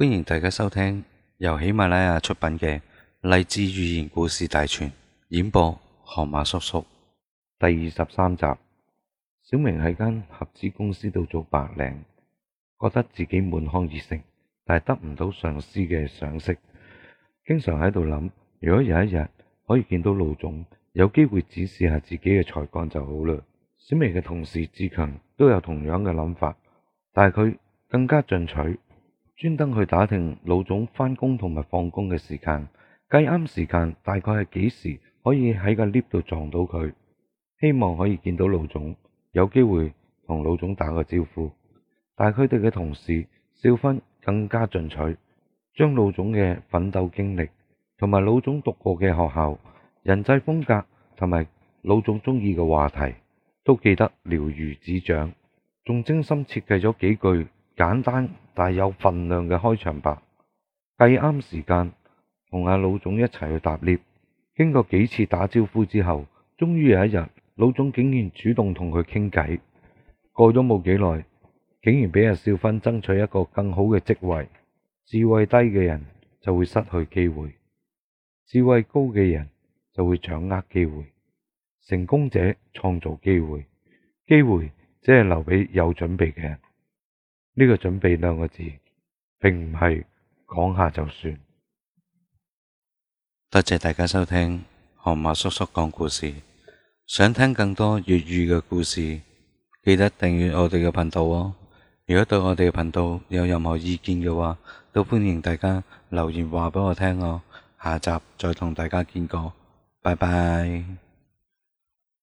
歡迎大家收聽由喜馬拉雅出品嘅《勵志寓言故事大全》，演播河馬叔叔，第二十三集。小明喺間合資公司度做白領，覺得自己滿腔熱誠，但係得唔到上司嘅賞識，經常喺度諗：如果有一日可以見到老總，有機會展示下自己嘅才幹就好啦。小明嘅同事志強都有同樣嘅諗法，但係佢更加進取。專登去打聽老總翻工同埋放工嘅時間，計啱時間，大概係幾時可以喺個 lift 度撞到佢，希望可以見到老總，有機會同老總打個招呼。但係佢哋嘅同事少芬更加進取，將老總嘅奮鬥經歷同埋老總讀過嘅學校、人際風格同埋老總中意嘅話題都記得了如指掌，仲精心設計咗幾句簡單。大有份量嘅開場白，計啱時間同阿老總一齊去搭 lift，經過幾次打招呼之後，終於有一日，老總竟然主動同佢傾偈。過咗冇幾耐，竟然俾阿少芬爭取一個更好嘅職位。智慧低嘅人就會失去機會，智慧高嘅人就會掌握機會。成功者創造機會，機會只係留俾有準備嘅人。呢個準備兩個字，並唔係講下就算。多謝大家收聽漢馬叔叔講故事。想聽更多粵語嘅故事，記得訂閱我哋嘅頻道哦。如果對我哋嘅頻道有任何意見嘅話，都歡迎大家留言話俾我聽哦。下集再同大家見過，拜拜。